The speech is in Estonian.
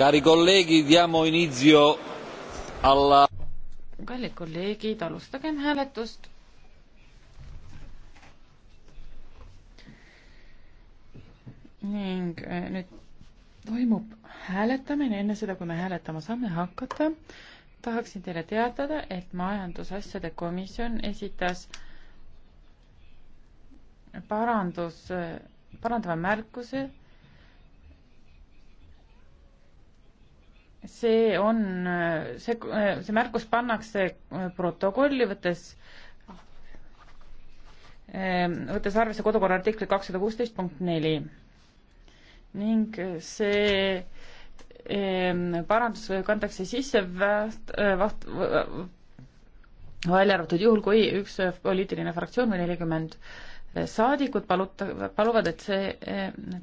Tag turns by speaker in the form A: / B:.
A: Cari colleghi, diamo inizio alla...
B: kallid kolleegid, alustagem hääletust. ning eh, nüüd toimub hääletamine, enne seda, kui me hääletama saame hakata, tahaksin teile teatada, et majandusasjade komisjon esitas parandus, eh, parandava märkuse see on, see, see märkus pannakse protokolli, võttes võttes arvesse kodukorra artikli kakssada kuusteist punkt neli ning see parandus kantakse sisse väst, vaht, välja arvatud juhul, kui üks poliitiline fraktsioon või nelikümmend saadikut paluta, paluvad, et see